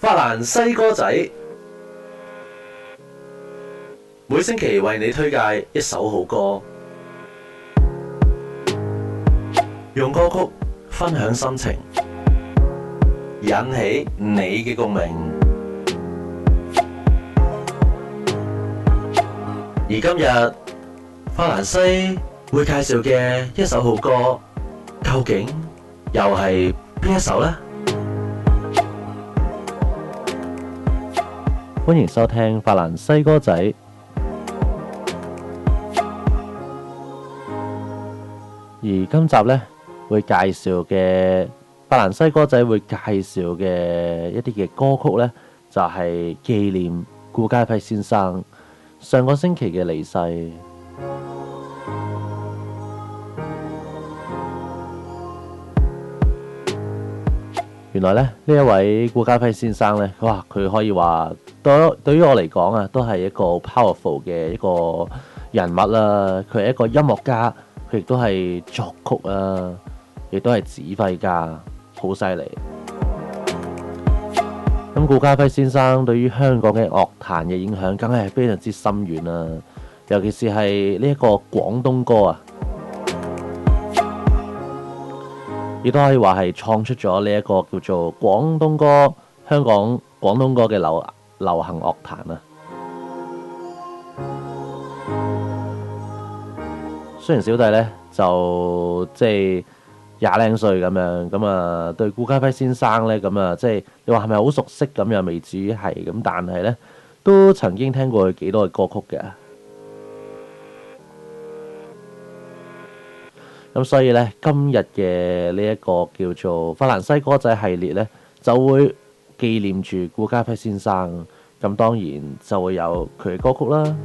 法蘭西歌仔每星期為你推介一首好歌，用歌曲分享心情，引起你嘅共鳴。而今日法蘭西會介紹嘅一首好歌，究竟又係邊一首呢？歡迎收聽法蘭西歌仔，而今集呢，會介紹嘅法蘭西歌仔會介紹嘅一啲嘅歌曲呢，就係、是、紀念顧嘉輝先生上個星期嘅離世。原來呢，呢一位顧嘉輝先生呢哇！佢可以話，對對於我嚟講啊，都係一個 powerful 嘅一個人物啦。佢係一個音樂家，佢亦都係作曲啊，亦都係指揮家，好犀利。咁顧嘉輝先生對於香港嘅樂壇嘅影響，梗係非常之深遠啦。尤其是係呢一個廣東歌啊。亦都可以話係創出咗呢一個叫做廣東歌、香港廣東歌嘅流流行樂壇啊。雖然小弟呢就即係廿零歲咁樣，咁啊對顧嘉輝先生呢咁啊，即係你話係咪好熟悉咁？又未至於係咁，但係呢都曾經聽過佢幾多嘅歌曲嘅。咁所以呢，今日嘅呢一個叫做法蘭西歌仔系列呢，就會紀念住顧嘉輝先生。咁當然就會有佢嘅歌曲啦。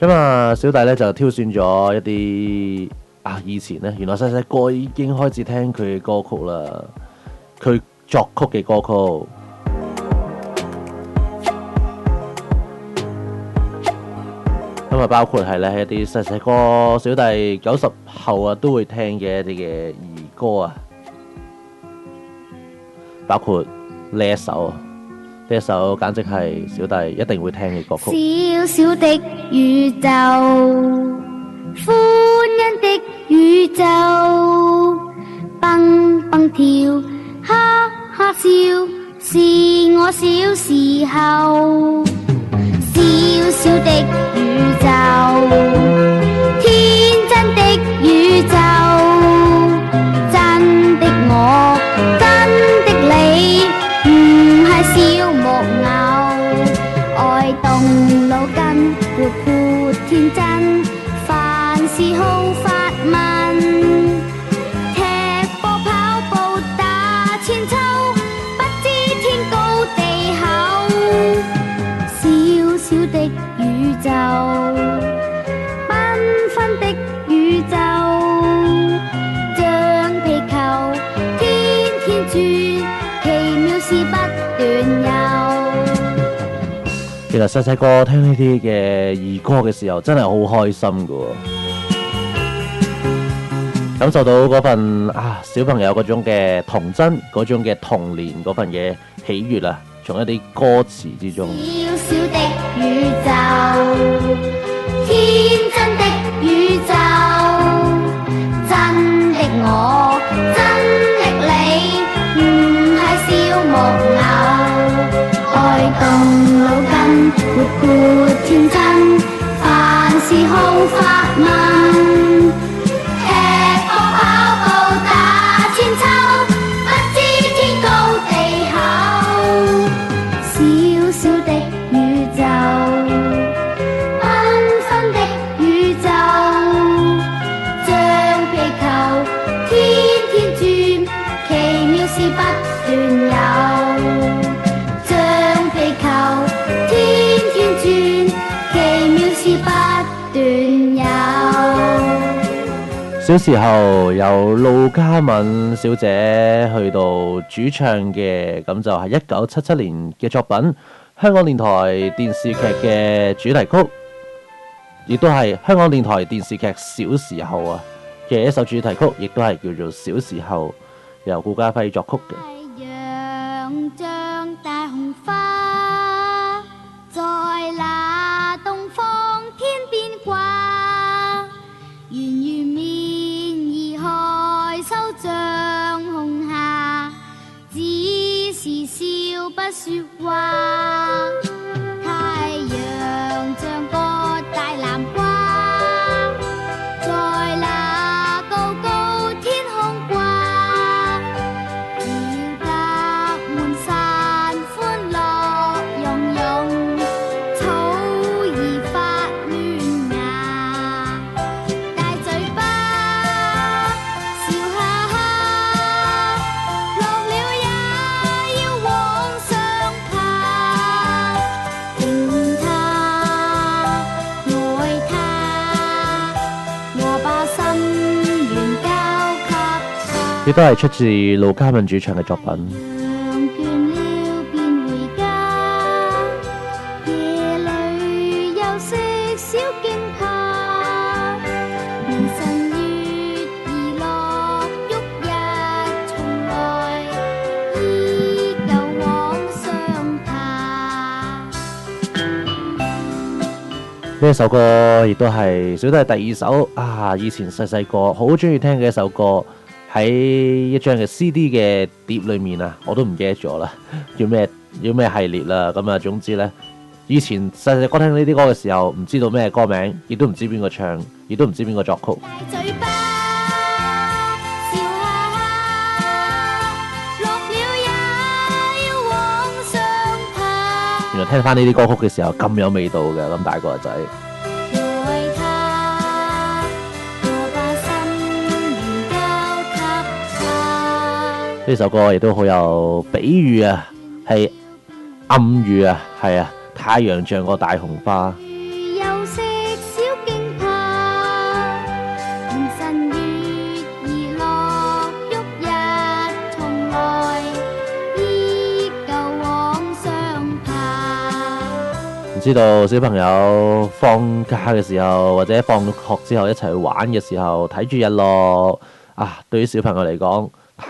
咁 啊，小弟呢就挑選咗一啲啊，以前呢，原來細細個已經開始聽佢嘅歌曲啦，佢作曲嘅歌曲。咁啊，包括係咧，一啲細細個小弟九十後啊都會聽嘅一啲嘅兒歌啊，包括呢一首，呢一首簡直係小弟一定會聽嘅歌曲。小小的宇宙，歡欣的宇宙，蹦蹦跳，哈哈笑，是我小時候。小小的宇。細個聽呢啲嘅兒歌嘅時候，真係好開心噶，感受到嗰份啊小朋友嗰種嘅童真，嗰種嘅童年嗰份嘅喜悅啊，從一啲歌詞之中。小小的宇宙，天真的宇宙，真的我，真的你，唔係小木偶。愛動腦筋，活潑天真，凡事好發問。小時候由盧嘉敏小姐去到主唱嘅，咁就係一九七七年嘅作品，香港電台電視劇嘅主題曲，亦都係香港電台電視劇《小時候》啊嘅一首主題曲，亦都係叫做《小時候》，由顧嘉輝作曲嘅。也都係出自盧家文主唱嘅作品。呢首歌亦都係小弟第二首啊！以前細細個好中意聽嘅一首歌。喺一張嘅 CD 嘅碟裏面啊，我都唔記得咗啦，叫咩叫咩系列啦，咁啊總之呢，以前細細個聽呢啲歌嘅時候，唔知道咩歌名，亦都唔知邊個唱，亦都唔知邊個作曲。原來聽返呢啲歌曲嘅時候咁有味道嘅，咁大個仔。呢首歌亦都好有比喻啊，係暗喻啊，係啊，太陽像個大紅花，唔知道小朋友放假嘅時候，或者放學之後一齊去玩嘅時候，睇住日落啊，對於小朋友嚟講。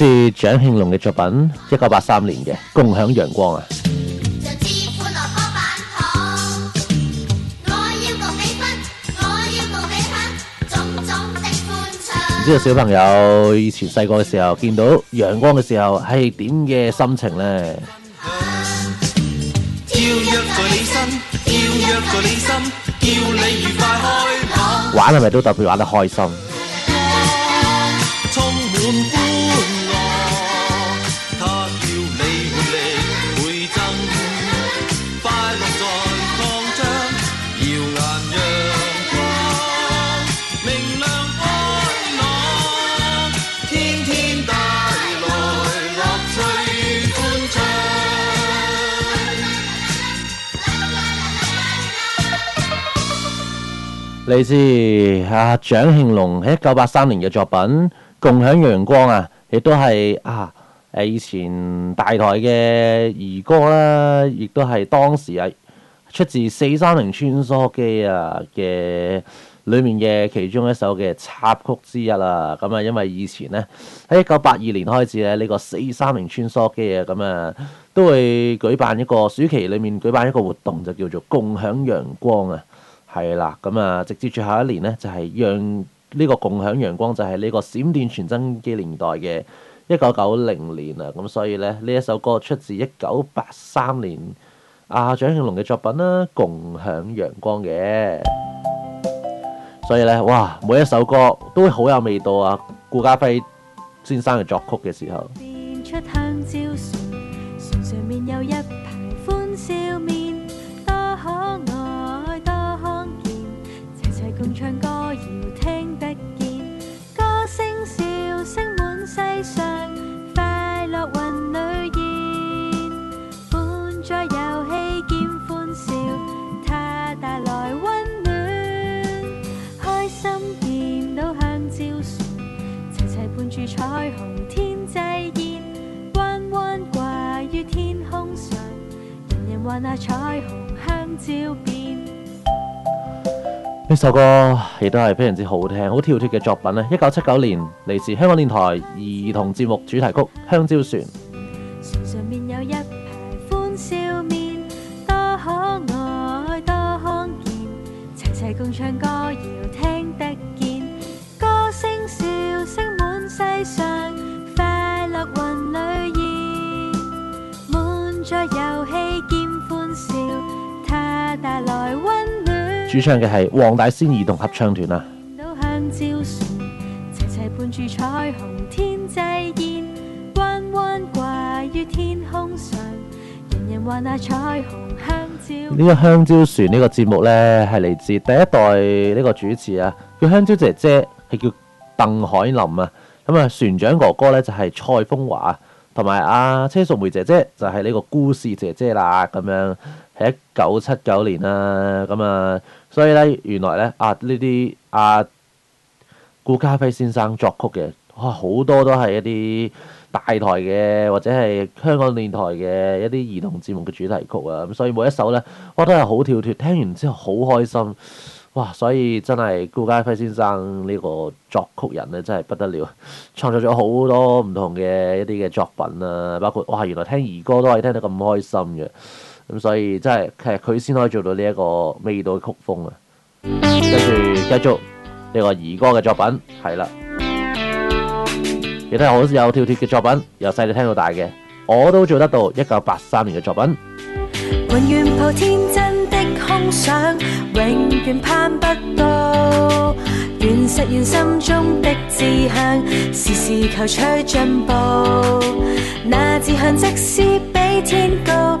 是蔣慶龍嘅作品，一九八三年嘅《共享陽光》啊。唔知道小朋友以前細個嘅時候，見到陽光嘅時候係點嘅心情咧？玩係咪都特別玩得開心？你知啊，蔣慶龍喺一九八三年嘅作品《共享陽光》啊，亦都係啊誒以前大台嘅兒歌啦，亦都係當時啊出自四三零穿梭機啊嘅裡面嘅其中一首嘅插曲之一啦。咁啊，因為以前咧喺一九八二年開始咧呢個四三零穿梭機啊，咁啊都會舉辦一個暑期裡面舉辦一個活動，就叫做《共享陽光》啊。係啦，咁啊，直接最後一年咧，就係讓呢個共享陽光就係呢個閃電傳真機年代嘅一九九零年啊，咁所以咧呢一首歌出自一九八三年阿蔣慶龍嘅作品啦，《共享陽光》嘅。所以咧，哇，每一首歌都好有味道啊！顧嘉輝先生嘅作曲嘅時候。世上快樂雲裏現，伴在遊戲見歡笑，它帶來溫暖，開心見到香蕉船，齊齊伴住彩虹天際線，彎彎掛於天空上，人人話那彩虹香蕉呢首歌亦都係非常之好聽、好跳脱嘅作品咧。一九七九年嚟自香港電台兒童節目主題曲《香蕉船》。船上面有一排歡笑面，多可愛，多看見，齊齊共唱歌。主唱嘅係黃大仙兒童合唱團啊！呢個香蕉船呢個節目呢，係嚟自第一代呢個主持啊，叫香蕉姐姐，係叫鄧海琳啊。咁啊，船長哥哥呢，就係蔡風華，同埋阿車淑梅姐姐就係呢個故事姐姐啦。咁樣係一九七九年啦。咁啊。啊所以咧，原來咧啊呢啲啊顧嘉輝先生作曲嘅，哇好多都係一啲大台嘅或者係香港電台嘅一啲兒童節目嘅主題曲啊，咁所以每一首咧，哇都係好跳脱，聽完之後好開心，哇！所以真係顧嘉輝先生呢個作曲人咧，真係不得了，創作咗好多唔同嘅一啲嘅作品啊，包括哇原來聽兒歌都可以聽得咁開心嘅。咁所以真係，其實佢先可以做到呢一個味道嘅曲風啊！跟住繼續呢個兒歌嘅作品，係啦，亦都係好有跳脱嘅作品，由細你聽到大嘅，我都做得到。一九八三年嘅作品，永遠抱天真的空想，永遠攀不到，願實現心中的志向，時時求取進步。那志向即使比天高。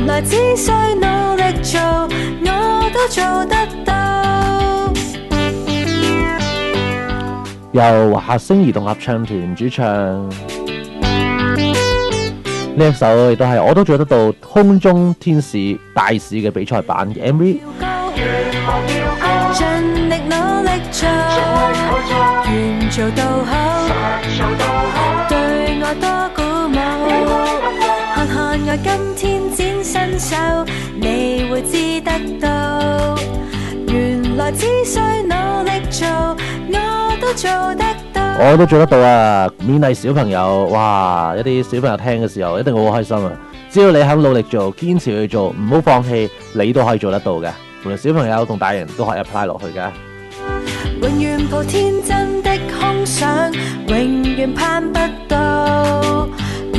原來只需努力做，我都做得到。由華星兒童合唱團主唱，呢一首亦都係我都做得到由。我也做得到空中天使大使嘅比賽版嘅 MV。我都做得到啊！勉勵小朋友，哇，一啲小朋友聽嘅時候一定好開心啊！只要你肯努力做，堅持去做，唔好放棄，你都可以做得到嘅。無論小朋友同大人都可以 apply 落去㗎！永遠抱天真的空想，永遠攀不到。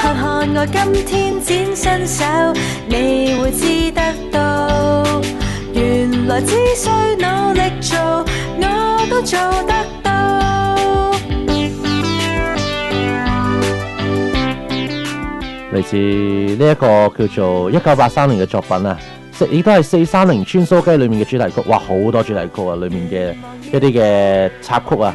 看看我今天展身手，你會知得到，原來只需努力做，我都做得到。來自呢一個叫做一九八三年嘅作品啊，亦都係四三零穿梭機裏面嘅主題曲，哇，好多主題曲啊，裏面嘅一啲嘅插曲啊。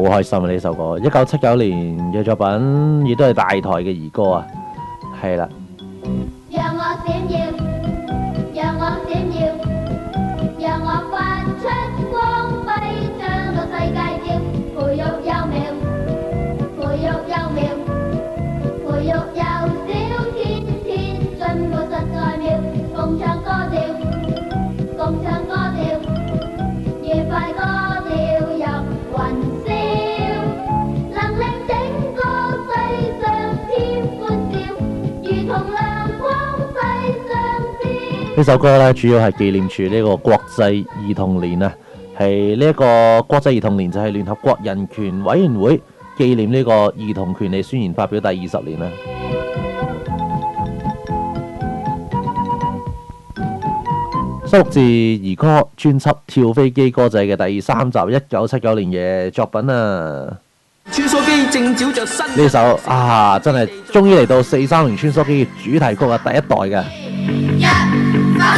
好開心啊！呢首歌，一九七九年嘅作品，亦都係大台嘅兒歌啊，係啦。呢首歌咧，主要係紀念住呢個國際兒童年啊！係呢一個國際兒童年就係聯合國人權委員會紀念呢個兒童權利宣言發表第二十年啦。《數字兒歌》專輯《跳飛機》歌仔嘅第三集，一九七九年嘅作品啊！《穿梭機》正照着新呢首啊，真係終於嚟到四三零穿梭機嘅主題曲嘅第一代嘅。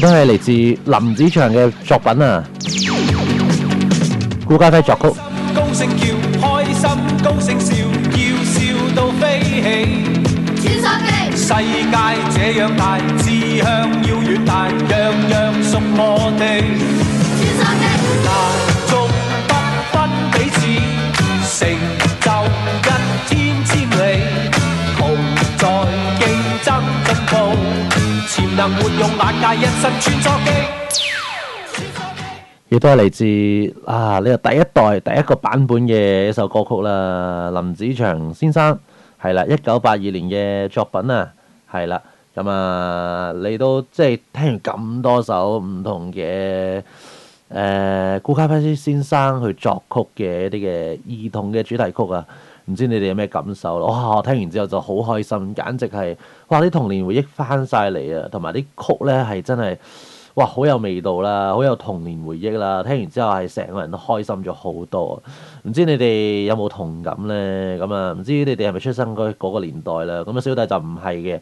都係嚟自林子祥嘅作品啊，顧嘉輝作曲。亦都係嚟自啊呢個第一代第一個版本嘅一首歌曲啦，林子祥先生係啦，一九八二年嘅作品啊，係啦，咁啊，你都即係、就是、聽完咁多首唔同嘅誒、顧、呃、嘉煇先生去作曲嘅一啲嘅兒童嘅主題曲啊。唔知你哋有咩感受咯？哇！聽完之後就好開心，簡直係哇啲童年回憶翻晒嚟啊！同埋啲曲咧係真係哇好有味道啦，好有童年回憶啦！聽完之後係成個人都開心咗好多。唔知你哋有冇同感呢？咁啊，唔知你哋係咪出生嗰個年代啦？咁啊，小弟就唔係嘅。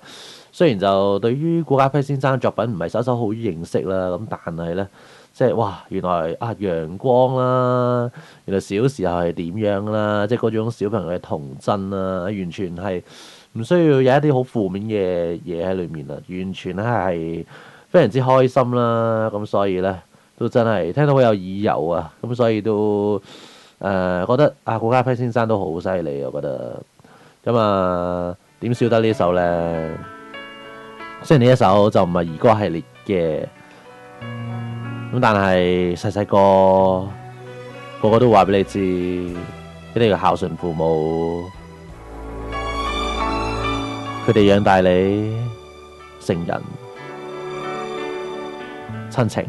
雖然就對於顧嘉輝先生作品唔係首首好認識啦，咁但係呢。即係哇！原來啊，陽光啦、啊，原來小時候係點樣啦、啊，即係嗰種小朋友嘅童真啦、啊，完全係唔需要有一啲好負面嘅嘢喺裡面啦，完全咧係非常之開心啦、啊。咁所以咧都真係聽到好有耳油啊！咁所以都誒、呃、覺得啊，顧嘉輝先生都好犀利，我覺得。咁啊，點笑得一首呢首咧？雖然呢一首就唔係兒歌系列嘅。咁但係細細個，個個都話俾你知，一定要孝順父母，佢哋養大你成人，親情。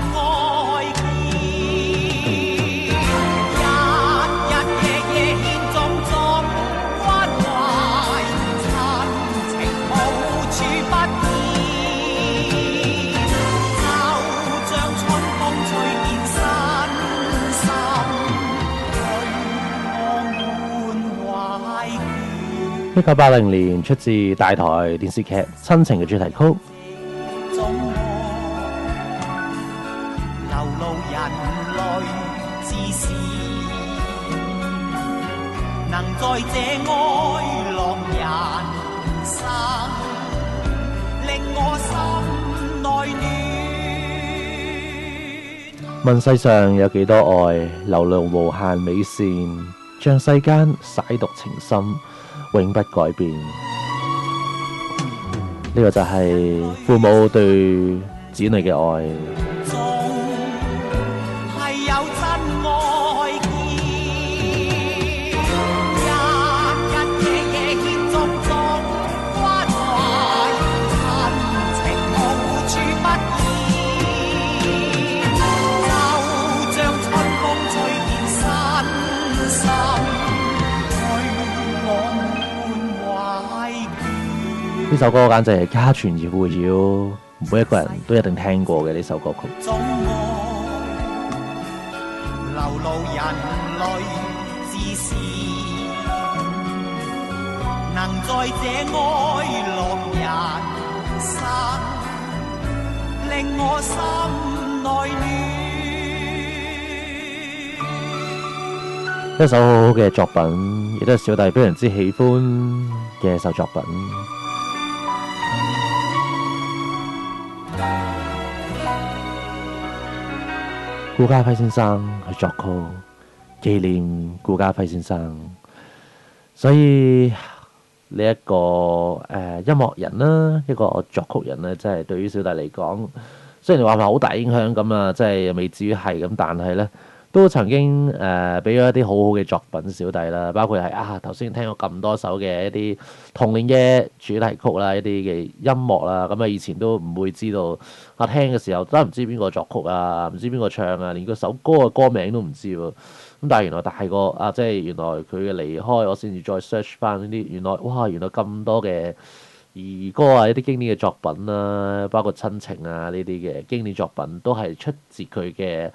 一九八零年出自大台電視劇《親情》嘅主題曲。流露眼淚之時，能在這哀樂人生，令我心內暖。問世上有幾多愛，流露無限美善，將世間洗毒情深。永不改變，呢個就係父母對子女嘅愛。首歌簡直係家傳戶曉，每一個人都一定聽過嘅呢首歌曲。我一首好好嘅作品，亦都係小弟非常之喜歡嘅一首作品。顧嘉輝先生、去作曲，紀念顧嘉輝先生，所以呢一個誒、呃、音樂人啦，一個作曲人呢，真係對於小弟嚟講，雖然話唔係好大影響咁啊，即係未至於係咁，但係呢，都曾經誒俾咗一啲好好嘅作品小弟啦，包括係啊頭先聽咗咁多首嘅一啲童年嘅主題曲啦，一啲嘅音樂啦，咁啊以前都唔會知道啊，聽嘅時候都唔知邊個作曲啊，唔知邊個唱啊，連個首歌嘅歌名都唔知喎、啊。咁但係原來大個啊，即係原來佢嘅離開，我先至再 search 翻呢啲，原來哇原來咁多嘅。兒歌啊，一啲經典嘅作品啦、啊，包括親情啊呢啲嘅經典作品，都係出自佢嘅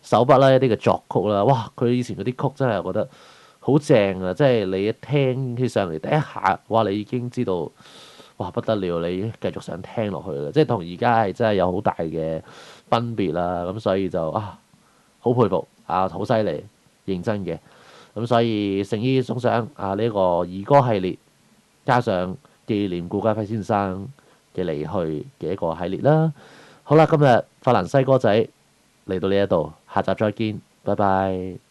手筆啦、啊。一啲嘅作曲啦、啊，哇！佢以前嗰啲曲真係覺得好正啊，即係你一聽起上嚟，第一下哇，你已經知道哇不得了，你繼續想聽落去啦。即係同而家係真係有好大嘅分別啦、啊。咁所以就啊，好佩服啊，好犀利認真嘅咁，所以誠意送上啊呢個兒歌系列加上。紀念顧嘉輝先生嘅離去嘅一個系列啦。好啦，今日法蘭西歌仔嚟到呢一度，下集再見，拜拜。